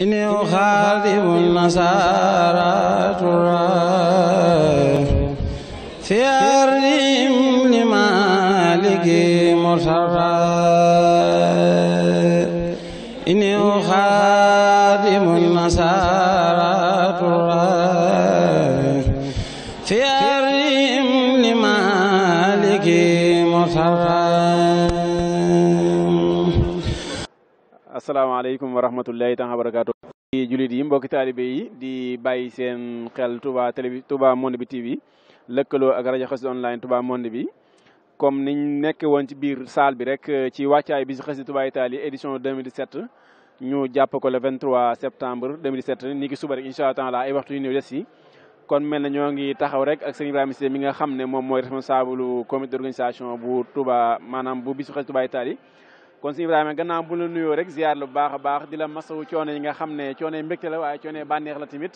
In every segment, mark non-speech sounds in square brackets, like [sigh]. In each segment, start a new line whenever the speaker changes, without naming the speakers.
إني أخاذب النصارى ترى في أرضهم لمالك مصرى إني
asalaamaaleykum wa rahmatullahi taala wa barakaatu di jullit yi mbokki taalibe yi di bàyyi seen xel Touba télé Touba Monde bi TV lëkkaloo ak rajo xasida online Touba Monde bi comme niñ nekke woon ci biir salle bi rek euh, ci wàccaay bi si xasida Touba Italie édition 2017 ñu jàpp ko le 23 septembre 2017 ni ki suba rek incha allah ay waxtu yu néew des si kon mel na ñoo ngi taxaw rek ak sëñ Ibrahima Cissé mi nga xam ne moom mooy responsable comité d' organisation bu Touba maanaam bu bisu xasida Touba Italie kon suñu Ibrahima gannaaw bu la nuyoo rek ziar lu baax a baax di la masawu coono yi nga xam ne coono mbégte la waaye coono bànneex la tamit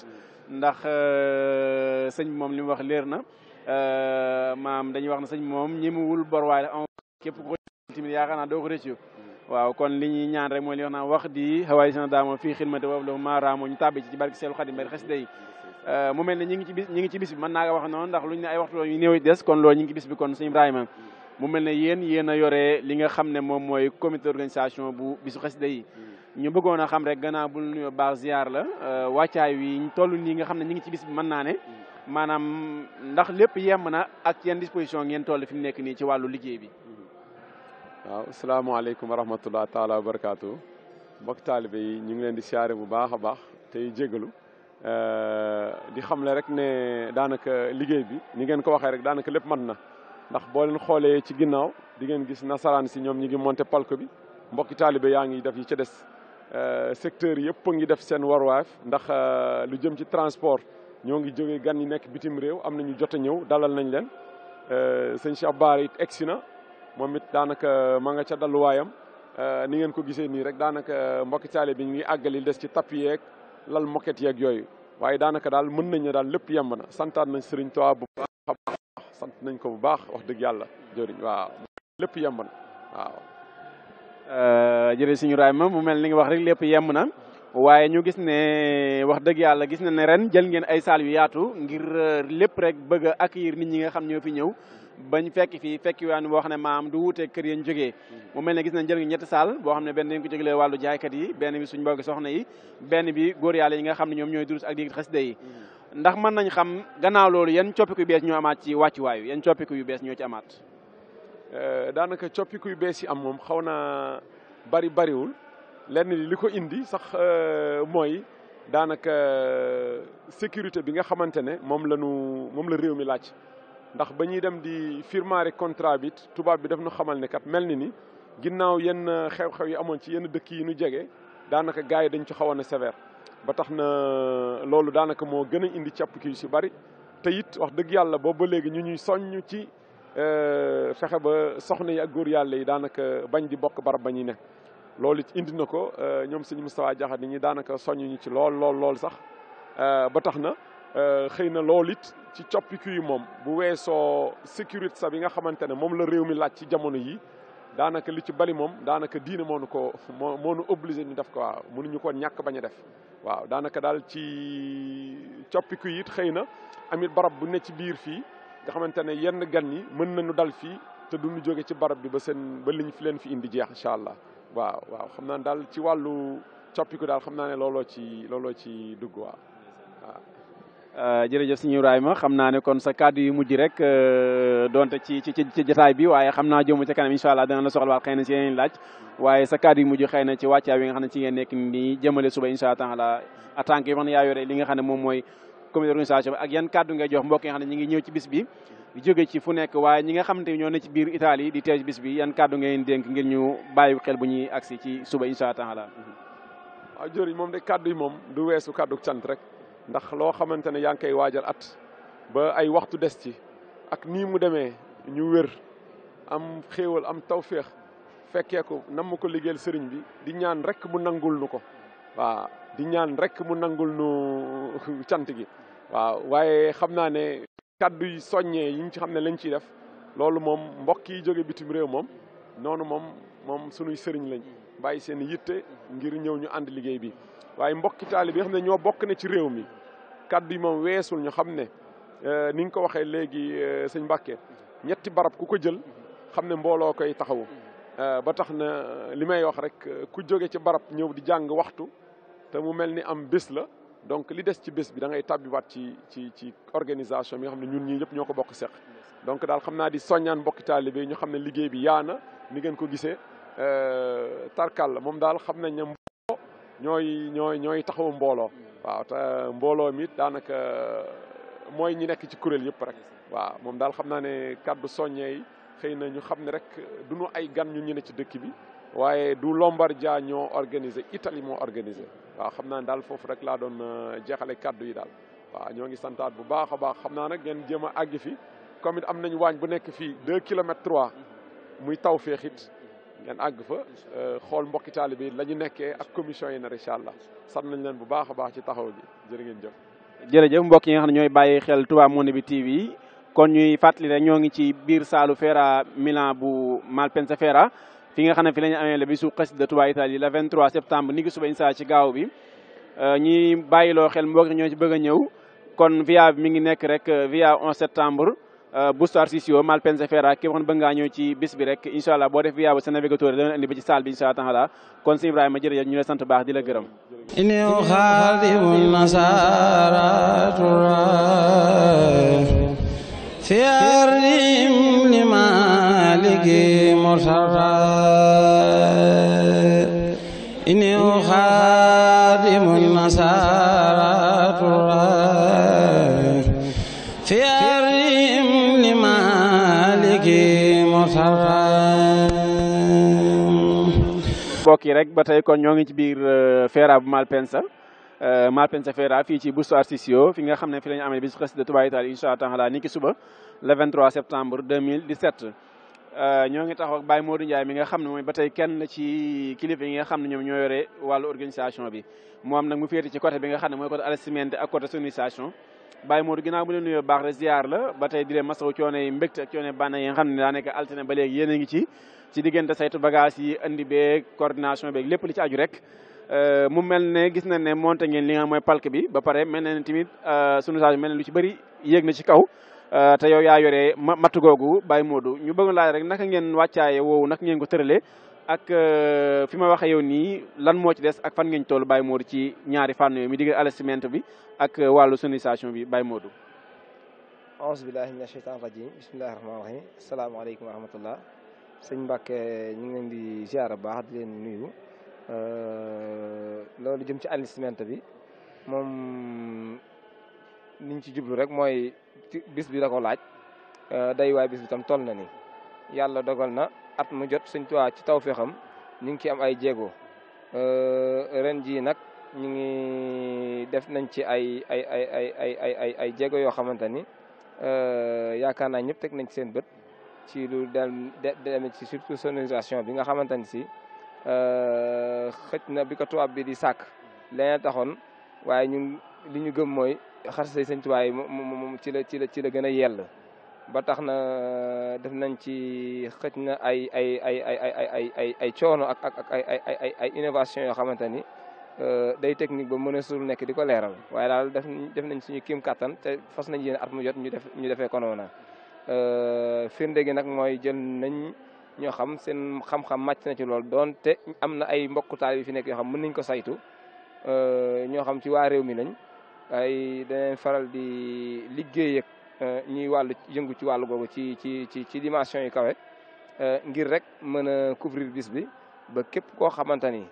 ndax euh, sëñ moom li mu wax leer na euh, maam dañuy wax ne sëñ moom ñi mu wul bor waaye képp ko tamit yaakaar naa doo ko rëccu waaw kon li ñuy ñaan rek mooy li wax wax di xawaay sana daamo fii xidmate woofu lafu maaraamo ñu tàbbi ci ci barke Seelu Xadim bari xasida yi euh, mu mel ne ñi ngi ci bis ñi naa ko wax noonu ndax luñ ne ay waxtu yu néew des kon loolu ñi ngi ci bis mu mel ne yéen yéen a yore li nga xam ne moom mooy comité d'organisation bu bisu xasida yi mm. ñu bëggoon a xam rek gannaaw bu nuyoo baax ziar la euh, wàccaay wi ñu toll nii nga xam ne ñu ngi ci bis bi mën naa ne mm. maanaam ndax lépp yemb na ak yenn disposition ngeen toll fi mu nekk nii ci wàllu liggéey bi mm-hmm.
waaw asalaamaaleykum wa rahmatullah taala wa barakaatu mbokk taalibe yi ñu ngi leen di siyaare bu baax a baax tey jégalu euh, di xam xamle rek ne daanaka liggéey bi ni ngeen ko waxee rek daanaka lépp mën na ndax boo leen xoolee ci ginnaaw di ngeen gis nasaraan si ñoom ñi ngi monter palco bi mbokki taalibe yaa ngi def yi ca des euh, secteur yëpp a ngi def seen warwaaf ndax euh, lu jëm ci transport ñoo ngi jógee gan yi nekk bitim réew am na ñu jot a ñëw dalal nañ leen euh, sëñ Cheikh Bara it egsi na moom it daanaka ma nga ca dalluwaayam ni ngeen ko gisee nii rek daanaka mbokki taalibe bi ñu ngi àggali des ci tapis yeeg lal moquette yeeg yooyu waaye daanaka daal mën nañ ne daal lépp yemb na nañ Sëriñ Tuubaa bu baax sant nañ ko bu baax wax dëgg yàlla jëriñ waaw lépp yemb na waaw
euh, jërëjëf suñu raay ma mu mel ni nga wax rek lépp yemb na waaye ñu gis ne wax dëgg yàlla gis na ne ren jël ngeen ay saal yu yaatu ngir euh, lépp rek bëgg ak accueillir nit ñi nga xam ñoo fi ñëw bañ fekki fii fekki waan boo xam ne maam du wuutee kër yañ jógee mm-hmm. mu mel ne gis nañ jël ñetti saal boo xam ne benn dañ ko jéglee wàllu jaaykat yi benn bi suñ mbokki soxna yi benn bi góor yàlla yi nga xam ne ñoom ñooy durus ak di xasida yi mm-hmm. ndax mën nañ xam gannaaw yan coppiku yu bees ñoo amaat ci wàccuwaayu yan coppiku yu bees ñoo ci amaat
euh, daanaka coppiku yu bees yi am moom xaw na bari bariwul lenn li li ko indi sax euh, mooy daanaka euh, sécurité bi nga xamante ne moom la ñu moom la réew mi laaj ndax ba ñuy dem di firmaari contrat bi tubaab bi daf ñu xamal ne kat mel ni ni ginnaaw yenn euh, xew-xew yi amoon ci yenn dëkk yi ñu jege daanaka gars yi dañ ci xawoon a sévère ba tax na loolu daanaka moo gën a indi càpp ki yu si bari te it wax dëgg yàlla boobu ba léegi ñu ñuy soññ ci fexe ba soxna yi ak góor yàlla yi daanaka bañ di bokk barab ba ñuy ne loolu indi na ko euh, ñoom sëñ Moustapha Diakhaté ñi daanaka soññuñu ci lool lool lool sax euh, ba tax na euh, xëy na loolu it ci coppiku yi moom bu weesoo sécurité sa bi nga xamante ne moom la réew mi laaj ci jamono yi daanaka li ci bari moom daanaka diine moo nu ko moo moo nu obligé ñu def ko waaw mënuñu ko ñàkk bañ a def waaw daanaka daal ci coppiku yi it xëy na amit barab bu nekk ci biir fii nga xamante ne yenn gan yi mën nañu dal fii te duñu jóge ci barab bi ba seen ba liñ fi leen fi jeex incha allah waaw waaw xam naa daal ci wàllu coppiku daal xam naa ne looloo ci looloo ci dugg waaw waaw.
Euh, ñu sëñ Ibrahima xam naa ne kon sa kàddu yu mujj rek euh, donte ci ci ci jotaay bi waaye xam naa jëmu ci kanam incha allah dana la soxlawaat xëy na si yeneen laaj waaye sa kàddu yu mujj xëy na ci wàccaay bi nga xam ne ci ngeen nekk nii jëmale suba incha allah en tant que yoo xam ne yaa yore li nga xam ne moom mooy comité d'organisation ak yan kàddu ngay jox mbokk yi nga xam ñu ngi ñëw ci bis bi jóge ci fu nek way ñi nga xamanteni ñoo ne ci biir Italie di tej bis bi yan kàddu ngeen denk ngir ñu bayyi xel bu ñuy aksi ci suba insha taala
waaw jëriñ mom de kàddu yi moom du weesu kàddu cant rek ndax lo xamanteni ne kay wajal at ba ay waxtu dess ci ak ni mu demee ñu wër am xéewal am tawfiq fekkee ko nam ko liggéeyal sëriñ bi di ñaan rek mu nangul nuko wa di ñaan rek mu nangul nu [laughs] cant gi wa waye xamna ne kaddu yi soññee yi ñu ci xam ne lañ ciy def loolu moom mbokk yi jóge bitim réew moom noonu moom moom sunuy sëriñ lañ bàyyi seen yitte ngir ñëw ñu ànd liggéey bi waaye mbokki taalibe yi xam ne ñoo bokk na ci réew mi kaddu yi moom weesul ñu xam ne eh, ni nga ko waxee léegi eh, sëñ Mbàkke ñetti barab ku ko jël xam ne mbooloo koy taxawu eh, ba tax na li may wax rek ku jóge ci barab ñëw di jàng waxtu te mu mel ni am bés la donc li des ci bés bi da ngay tàbbiwaat ci ci ci organisation bi nga xam ne ñun ñii yëpp ñoo ko bokk seq donc daal xam naa di soññaan mbokki taalibe ñu xam ne liggéey bi yaana ni ngeen ko gisee euh, tarkal la moom daal xam nañ ne mbooloo ñooy ñooy ñooy taxawu mbooloo mbooloo mi daanaka euh, mooy ñu nekk ci kuréel yëpp rek waaw moom daal xam naa ne kàddu soññee yi xëy na ñu xam ne rek duñu ay gan ñu ñu ne ci dëkk bi waaye du Lombardia ñoo organisé Italie moo organisé waaw xam naa daal foofu rek laa doon euh, jeexale kàddu yi daal waaw ñoo ngi santaat bu baax a baax xam naa rek ngeen jëm a àgg fi comme am nañu waañ bu nekk fii deux kilomètres trois muy taw féexit ngeen àgg fa euh, xool mbokki taalibe yi la ñu nekkee ak commission yi nar incha allah sant nañ leen bu baax a baax ci taxaw bi jërë ngeen jëf
jërëjëf mbokk yi nga xam ne ñooy bàyyi xel Touba Monde bi TV kon ñuy fàttali rek ñoo ngi ci biir saalu Fera Milan bu Malpensa Fera fi nga xam ne fi la ñu amee la bisu xasida Touba Italie la 23 septembre ni ki suba insa ci gaaw bi euh, ñi bàyyiloo xel mbokk ñoo ci bëgg a ñëw kon via mi ngi nekk rek euh, via 11 septembre euh, Busto Arsizio Malpensa Fiera képp xam ne bëgg ñëw ci bis bi rek incha allah boo def via bu sa navigateur dana indi ba ci salle bi incha allah kon si Ibrahima jërëjëf ñu la sant baax di la gërëm
inew xaadimu nasara tura fi لكي مسرى إني أخادم النصارى ترى في
أرهم لمالك مسرى mbokk yi rek ba tey kon ñoo ngi ci biir Feera bu Malpensa Malpensa Feera fii ci Busto Arsizio fi nga xam ne fi la ñu amee bis xës de Touba Italie incha allah ni ki suba le 23 septembre 2017 Euh, ñoo ngi taxaw ak Baye Modou Ndiaye mi nga xam ne mooy ba tey kenn ci kilifa yi nga xam ne ñoom ñoo yore wàllu organisation bi moom nag mu féete ci côté bi nga xam ne mooy côté alacimente ak côté sonorisation Baye Modou ginnaaw mu leen nuyoo baax rek ziar la ba tey di leen masawu coono yi mbégte ak coono bànneex yi nga xam ne daa nekk altine ba léegi yéen a ngi ci ci diggante saytu bagage yi indi beeg coordination beeg lépp li ci aju rek euh, mu mel ne gis nañ ne monté ngeen li nga mooy palk bi ba pare mel na ne tamit euh, sonorisation mel ne lu ci bëri yéeg na ci kaw Eh, ta yow ya yoré matt googu bay Modou ñu bëgg laaj rek naka ngeen wàccaaye wo nak ngeen ko teurele ak eh, fi ma waxe yow ni lan mo ci dess ak fan ngeen tollu bay Modou ci ñaari fan yooyu mi digg allaitement bi ak eh, walu sonisation bi bay Modou.
auzu billahi minash shaytaani rajim bismillahir rahmanir rahim alaykum wa rahmatullah seigne Mbàkke ñu ngi di ziar baax di len nuyu lolu jëm ci allaitement bi mom niñ ci jublu rek moy bis bi da ko laaj euh, day waay bis bi tam toll na ni yàlla dogal na at mu jot Sëñ Tuubaa ci tawféexam ñu ngi ci am ay jéego euh, ren jii nag ñu ngi def nañ ci ay ay ay ay ay ay ay ay jéego yoo xamante ni euh, yaakaar naa ñëpp teg nañ ci seen bët ci lu dem demee ci surtout sonorisation bi nga xamante ni si xëj na bi ko tubaab bi di sàkk leneen taxoon waaye ñun li ñu gëm mooy xasida sëñ Tuubaa yi moom ci la ci la ci la gën a yell ba tax na def nañ ci xëj na ay ay ay ay ay ay ay ay coono ak ak ay ay ay ay innovation yoo xamante ni day technique ba mën a suul nekk di ko leeral waaye daal def def nañ suñu kiim kattan te fas nañ yéen at mu jot ñu def ñu defee ko noonu firnde gi nag mooy jël nañ ñoo xam seen xam-xam màcc na ci lool doonte am na ay mbokkutaal taal fi nekk yoo xam mën nañ ko saytu ñoo xam ci waa réew mi lañ. ay danañ faral di liggéey ak eh, ñuy wàllu yëngu ci wàllu googu ci ci ci ci dimension yi kawe eh, ngir rek mën a couvrir bis bi ba képp koo xamante ni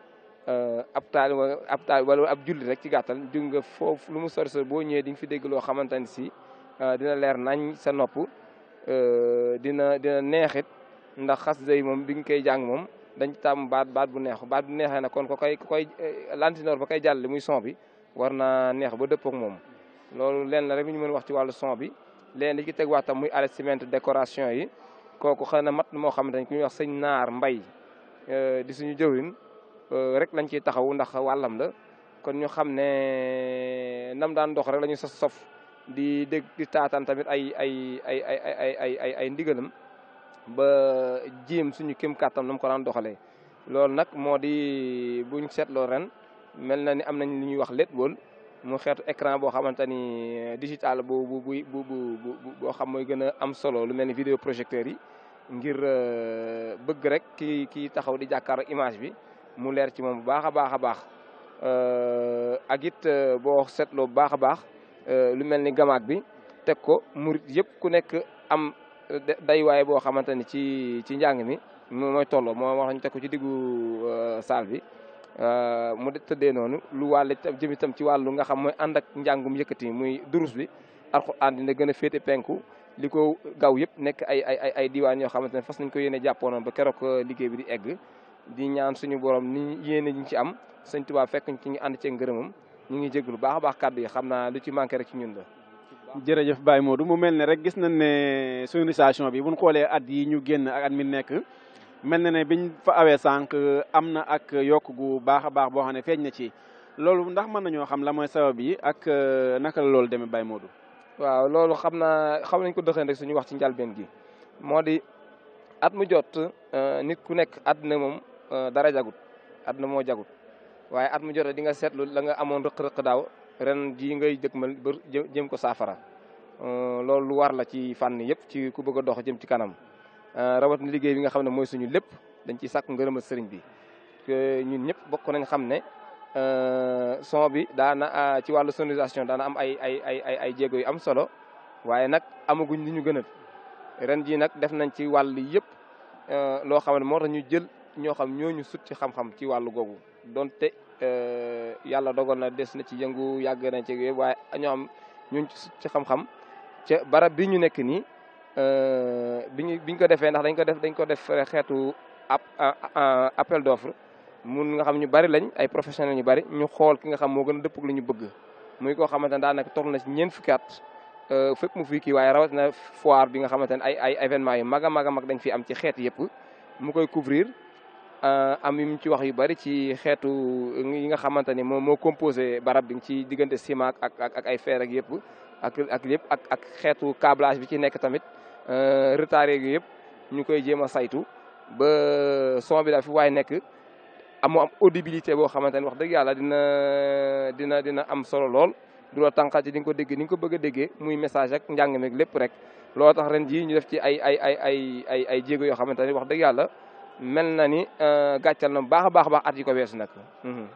eh, ab taal ab wala ab julli rek ci gàttal jóg nga foofu lu mu sori sori boo ñëwee di nga fi dégg loo xamante ni si dina leer nañ sa nopp dina dina neexit ndax xas day moom bi nga koy jàng moom dañ taamu baat baat bu neex baat bu neexee na kon ko koy koy lantinoor ba koy jàll muy son bi war na neex ba dëppook moom loolu leen la rek ñu mën wax ci wàllu son bi leen li ci teg wax muy allèsiment décoration yi kooku xëy na mat moo xamante ne ku wax sëñ naar mbay euh, di suñu jëwin euh, rek lañ ciy taxawu ndax wàllam kon ñu xam ne nam daan dox rek la ñu sof sof di dégg di taataan tamit ay ay ay ay ay ay ay ay ndigalam ba jéem suñu kéem kàttam na ko daan doxalee loolu nag moo di buñ seetloo ren mel na ni am nañ li ñuy wax LED wall mu xeetu écran boo xamante ni euh, digital bu bu bu bu boo xam mooy gën a am solo lu mel ni vidéo projecteur yi ngir euh, bëgg rek ki kii taxaw di jàkkaar image bi mu leer ci moom bu baax a baax a baax euh, ak it boo seetloo bu baax a baax lu mel ni gamaak bi teg ko murit yëpp ku nekk am daywaay boo xamante ni ci ci njàng mi mooy tolloo moo wax ñu ko ci diggu salle bi Euh, mu tëddee noonu lu wàll jëm itam ci wàllu nga xam mooy ànd ak njàngum yëkkati muy durus bi alxuraan dina gën a féete penku li ko gaw yëpp nekk ay ay ay ay diwaan yoo xamante ne fas nañ ko yéene jàppoonoon ba keroog euh, liggéey bi di egg di ñaan suñu boroom ni yéene ñu ci am sëñ Tuubaa fekk ci ñu ànd cee ngërëmam ñu ngi jéglu baax baax kàddu yi xam naa lu ci manqué rek ci ñun la
jërëjëf Baye Modou mu mel ne rek gis nañ ne sonorisation bi buñ xoolee at yi ñu génn ak at mi nekk mel na ne biñ fa awee sànq am na ak yokk gu baax a baax boo xam ne feeñ na ci loolu ndax mën nañoo xam la mooy sabab yi ak euh, naka la loolu demee Baye Modou.
waaw loolu xam na xaw nañ ko doxee rek suñu wax ci njalbeen gi moo di at mu jot euh, nit ku nekk àdduna moom euh, dara jagut àdduna moo jagut waaye at mu jot di nga seetlu la nga amoon rëq-rëq daaw ren jii ngay jëkmal ba jëm ko saafara loolu lu war la ci fànn yëpp ci ku bëgg dox jëm ci kanam. Euh, rawat na liggéey bi nga xam ne mooy suñu lépp dañ ciy sàkku ngërëmal sëriñ bi ñun ñëpp bokk nañ xam ne euh, son bi daana euh, ci wàllu sonorisation daana am ay ay ay ay ay jéego yu am solo waaye nag amaguñ li ñu gënal ren jii nag def nañ ci wàll yëpp loo xam ne moo tax ñu jël ñoo xam ñooñu sut ci xam-xam ci wàllu googu donte yàlla dogal na des na ci yëngu yàgg na ci waaye ñoo xam ñooñu sut ci xam-xam ca bi ñu nekk nii Euh, bi ñu bi ko defee ndax dañ ko def dañ ko def xeetu appel d'offre mun nga xam ñu bari lañ ay professionnels ñu bari ñu xool ki nga xam moo gën a dëpp li ñu bëgg muy koo xamante ne daanaka toll na si ñeent fukki at euh, fépp mu fii kii waaye rawatina foire bi nga xamante ne ay ay événement yu mag a mag a mag dañ fi am ci xeet yëpp mu koy couvrir euh, am yum ci wax yu bari ci xeetu yi nga xamante ni moo moo composé barab bi ci diggante ciment ak ak ay fer ak yëpp ak ak ak ak xeetu cablage bi ci nekk tamit Euh, retard yeeg yëpp ñu koy jéem a saytu ba son bi daal fi waaye nekk amoo am audibilité boo xamante ne wax dëgg yàlla dina dina dina am solo lool. du la tànqal ci di nga ko déggee ni nga ko bëgg a déggee muy message rek njàng meeg lépp rek loo tax ren jii ñu def ci ay ay ay ay ay ay jéego yoo xamante ne wax dëgg yàlla mel na ni euh, gàccal na baax a baax baax at yi ko weesu nag.
Mhm.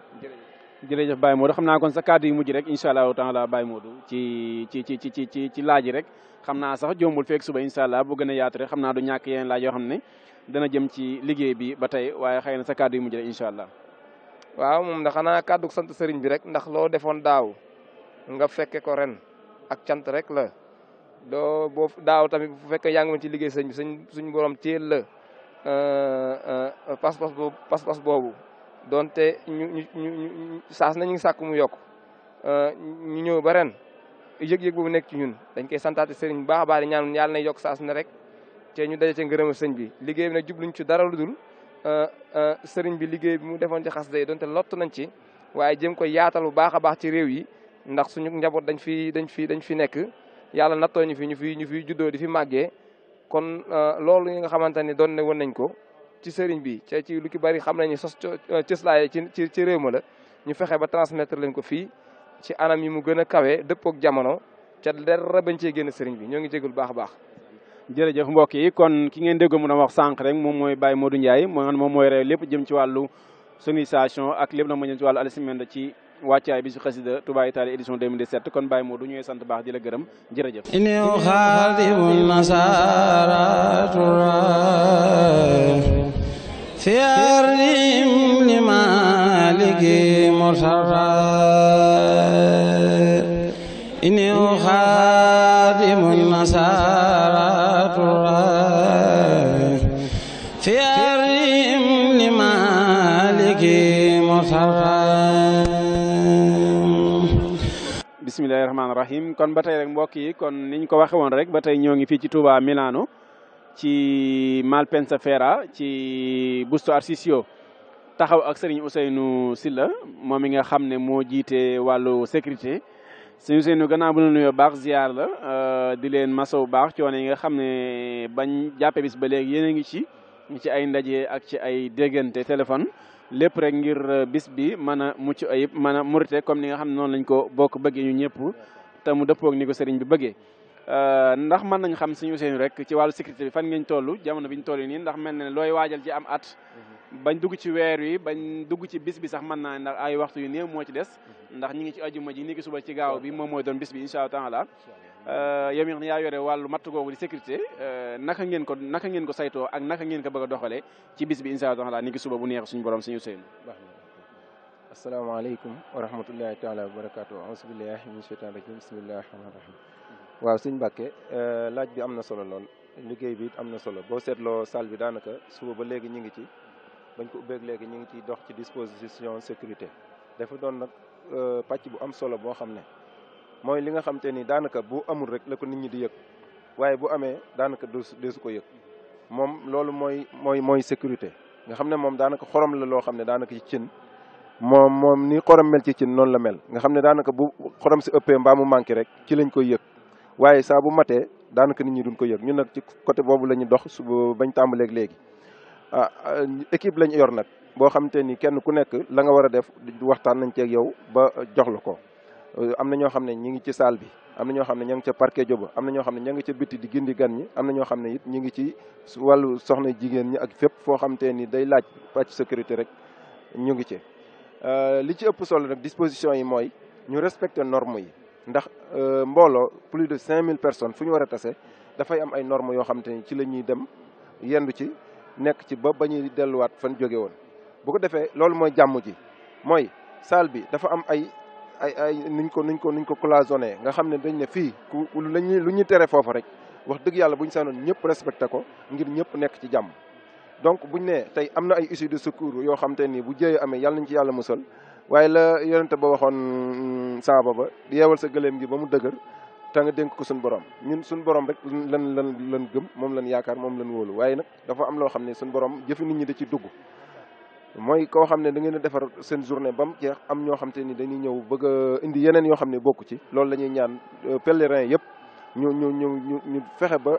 jërëjëf Baye Modou xam naa kon sa kaadu yu mujj rek incha allahu taala Baye Modou ci ci ci ci ci ci laaj yi rek xam naa sax jombul feek suba incha allah bu gën a yaatu rek xam naa du ñàkk yeneen laaj yoo xam ne dana jëm ci liggéey bi ba
tey waaye xëy na sax kàddu yu mujj rek incha allah. waaw moom ndax xanaa kàddu sant sëriñ bi rek ndax loo defoon daaw nga fekke ko ren ak cant rek la doo boo daaw tamit bu fekkee yaa ngi ci liggéey sëriñ bi suñ suñu borom téel la pas-pas euh, euh, boobu pas boobu donte ñu ñu ñu saas na ñu ngi mu yokk euh, ñu ñëw ba ren yëg-yëg boobu nekk ci ñun dañ koy santaate sëriñ bu baax a baax di ñaan yàlla yokk saas na rek te ñu daje ca ngërëma sëñ bi liggéey bi jubluñ ci dara lu dul euh, euh, sëriñ bi liggéey mu defoon ci xasida yi donte lott nañ ci waaye jëm ko yaatal bu baax a baax ci réew yi ndax suñu njaboot dañ fi dañ fi dañ fi nekk yàlla nattoo ñu fi ñu fi ñu fi juddoo di fi màggee kon loolu yi nga xamante ne doon ne nañ ko ci sëriñ bi ci ci lu ki bari xam nañu sos euh, cëslaaye ci ci réew ma la ñu fexe ba transmettre leen ko fii ci anam yi mu gën a kawee dëppook jamono ca dara bañ cee génn sëriñ bi ñoo ngi jégul baax a baax
jërëjëf mbokk yi kon ki ngeen déggoo mën a wax sànq rek moom mooy Baye Modou Ndiaye moom mooy réew lépp jëm ci wàllu sonorisation ak lépp na ma jëm ci wàllu alisimende ci wàccaay bi si xasida Touba Italie édition 2017 kon Baye Modou ñooy sant baax di la gërëm jërëjëf iniw xaadimu nasaratura
fi ardim li maliki murtara
rahmaani rahim kon ba tey rek mbokk yi kon niñ ko waxe woon rek ba tey ñoo ngi fi ci Touba Milano ci Malpensa Fiera ci Busto Arsizio taxaw ak Serigne si la moom mi nga xam ne moo jiite wàllu sécurité Serigne Ousseynou gannaaw bu ñu nuyoo baax ziar la euh, di leen masawu baax coono yi nga xam ne bañ jàppe bis ba léegi yéen a ngi ci ci ay ndaje ak ci ay déggante téléphone lépp rek ngir euh, bis bi mën a mucc ayib mën a murite comme ni nga xam ne noonu lañ ko bokk bëggee ñu ñëpp te mu dëppoog ni ko sëriñ bi bëggee euh, ndax mën nañ xam suñu Ousseynou rek ci wàllu sécurité bi fan ngeen toll jamono bi ñu toll nii ndax mel na ne looy waajal ci am at mhm. bañ dugg ci weer wi bañ dugg ci bis bi sax mën naa ndax ay waxtu yu néew moo ci des mhm. ndax ñi ngi ci ajuma ji ni ki suba ci gaaw bi moom mooy doon bis bi incha allah euh, yow mi yaa yore wàllu matt googu di sécurité euh, naka ngeen ko naka ngeen ko saytoo ak naka ngeen ko bëgg a ci bis bi incha allah ni bu neex suñu borom suñu Ousseynou
asalaamaaleykum wa rahmatullahi taala wa barakaatu ausubillahi min cheytaan rajim bismillahi rahmaani rahim waaw sëñ Mbàkke euh, laaj bi am na solo lool liggéey bi am na solo boo seetloo salle bi daanaka suba ba léegi ñu ngi ci bañ ko ubbeeg léegi ñu ngi ciy dox ci disposition sécurité dafa doon nag euh, pàcc bu am solo boo xam ne mooy li nga xam te ni daanaka bu amul rek la ko nit ñi di yëg waaye bu amee daanaka du deesu ko yëg moom loolu mooy mooy mooy sécurité nga xam ne moom daanaka xorom la loo xam ne daanaka ci cin moom moom ni xorom mel ci cin noonu la mel nga xam ne daanaka bu xorom si ëppee mbaa mu rek ci lañ koy yëg waaye saa bu matee daanaka nit ñi duñ ko yëg ñun nag ci côté boobu la ñu dox su bañ tàmbaleeg léegi ah, ah équipe lañ yor nag boo xam te ni kenn ku nekk la nga war a def waxtaan nañ ceeg yow ba jox la ko euh, am na ñoo xam ne ñu ngi ci saal bi am na ñoo xam ne ña ngi ca parquet joba am na ñoo xam ne ña ngi ca biti di gindi gan ñi am na ñoo xam ne it ñi ngi ci wàllu soxna jigéen ñi ak fépp foo xam te ni day laaj pàcc sécurité rek ñu ngi ci Euh, li ci ëpp sol nag disposition yi mooy ñu respecter normes yi ndax euh, mbooloo plus de cinq mille personnes fu ñu war a tase dafay am ay normes yoo xamante ni ci la ñuy dem yendu ci nekk ci ba ba ñuy delluwaat fan jóge woon. bu ko defee loolu mooy jàmm ji mooy salle bi dafa am ay ay ay nuñ ko nuñ ko nuñ ko ne nga xam ne dañ ne fii ku lu ñuy lu ñuy tere foofu rek wax dëgg yàlla bu ñu saanoon ñëpp respecté ko ngir ñëpp nekk ci jàmm. donc buñ nee tey am na ay issue de secours yoo xam nii bu jëyee amee yàlla nañ ci yàlla musal waaye la yonente ba waxoon mm, saaba ba di yeewal sa gëléem gi ba mu dëgër te nga dénk ko suñ borom ñun suñ borom rek lan lan lan gëm moom lan yaakaar moom lan wóolu waaye nag dafa am loo xam ne suñ borom jëfi nit ñi da ci dugg mooy koo xam ne da ngeen a defar seen journée ba mu jeex am ñoo xam te ni dañuy ñëw bëgg indi yeneen yoo xam ne bokk ci loolu la ñuy ñaan euh, pèlerin yëpp fexe ba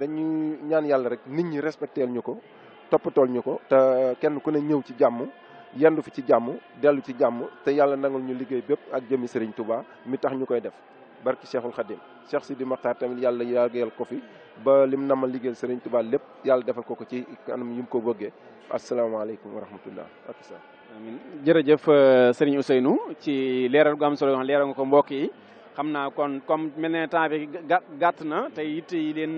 dañuy ñaan yàlla rek nit ñi respecteel ñu ko toppatool ñu ko te kenn ku ne ñëw ci jàmm yendu fi ci jàmm dellu ci jàmm te yàlla nangul ñu liggéey bépp ak jëmmi Serigne tubaa mi tax ñu koy def barki Cheikhul Khadim Cheikh Sidi Makhtar tamit yàlla yàggal ko fi ba lim na ma liggéeyal Serigne Touba lépp yàlla defal ko ko ci kanam yu mu ko bëggee asalaamaaleykum wa rahmatullah ak sa amiin
jërëjëf euh, Serigne ci leeral gu am solo leeral nga ko mbokk yi xam naa kon comme mel ne temps bi gàtt na te it yi leen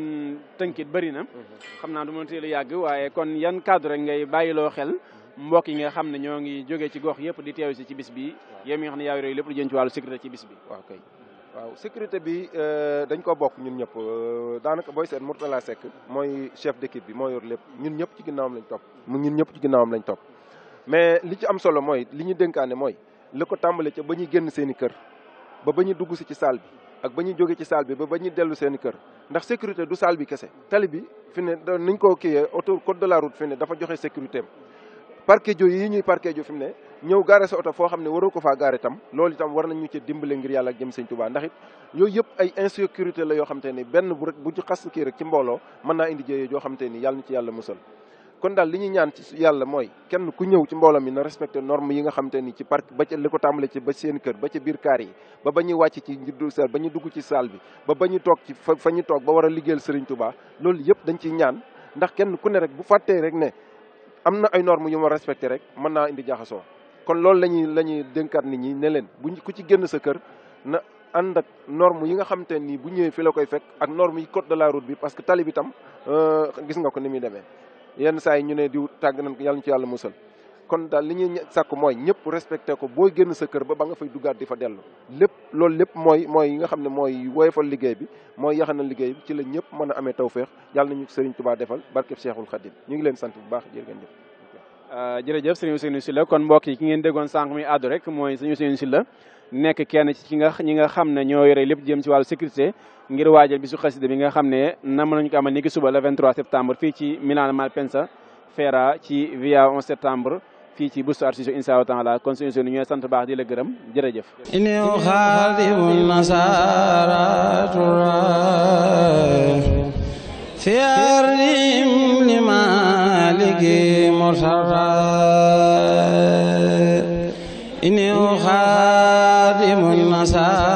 tënkit bëri na. Mm-hmm. xam naa du ma teel a yàgg waaye kon yan cadre rek ngay bàyyiloo xel mbokk yi nga xam ne ñoo ngi jóge ci gox yëpp di teew ci bis bi. yow mi nga xam ne yaa ngi lépp lu jëm ci wàllu sécurité ci bis bi. waaw kay
waaw sécurité bi euh, dañ ko bokk ñun ñëpp euh, daanaka booy seet Mourtala Seck mooy chef d'équipe bi moo yor lépp ñun ñëpp ci ginnaawam lañ topp. mu ñun ñëpp ci ginnaawam lañ topp mais li ci am solo mooy li ñu dénkaane mooy li ko tàmbale ca ba ñuy génn seen i kër ba ba ñu dugg si ci salle bi ak ba ñu jóge ci salle bi ba ba ñu dellu seen kër ndax sécurité du salle bi kese. tali bi fi ne niñ koo kiiyee oto code de la route fi ne dafa joxe sécurité am parquet jo yi ñuy parquet jo fi mu ne ñëw gaare sa oto foo xam ne waroo ko faa gaare tam loolu itam war nañu ci dimbale ngir yàlla ak jëm sëñ Tuubaa ndax it yooyu yëpp ay insécurité la yoo xam te ni benn bu rek bu ñu xas kii rek ci mbooloo mën naa indi jéyee yoo xam te ni yàlla na ci yàlla musal kon daal li ñu ñaan yàlla mooy kenn ku ñëw ci mbooloo mi na respecté norme yi nga xam te ni ci parc ba ca li ko tàmbale ci ba seen kër ba ca biir kaar yi ba ba ñu wàcc ci njiddu sal ba ñu dugg ci salle bi ba ba ñu toog ci fa fa ñu toog ba war a liggéeyal Serigne Touba loolu yëpp dañ ciy ñaan ndax kenn ku ne rek bu fàttee rek ne am na ay normes yu ma respecté rek mën naa indi jaxasoo kon loolu la ñuy la ñuy dénkaat nit ñi ne leen bu ku ci génn sa kër na ànd ak norme yi nga xam te nii bu ñëwee fi la koy fekk ak norme yi code de la route bi parce que tali bi tam euh, gis nga ko ni muy demee yenn saa yi ñu ne diw tàgg nañ ko yàlla ñu ci yàlla musal kon daal li ñuy sàkk mooy ñëpp respecté ko boo génn sa kër ba ba nga fay duggaat di fa dellu lépp loolu lépp mooy mooy yi nga xam ne mooy woyofal liggéey bi mooy yaxanal liggéey bi ci la ñëpp mën a amee tawféex yàlla nañu Serigne Touba defal barkeb Cheikhul Khadim ñu ngi leen sant bu baax jërë ngeen jëf
ah, jërëjëf Serigne si Sylla kon mbokk yi ki ngeen déggoon sànq mi àddu rek mooy ñu Serigne si la nekk kenn ci ki nga ñi nga xam ne ñoo yore lépp jëm ci wàllu sécurité ngir waajal bisu xasida bi nga xam ne nam nañu ko amal ni ki suba le 23 septembre fii ci Milan Malpensa Fera ci via 11 septembre fii ci bustu arsiso in Allah taala kon suñu suñu ñooy sant baax di la gërëm jërëjëf
ini uxaadimu nasaratura fi ardim li maliki murtara सा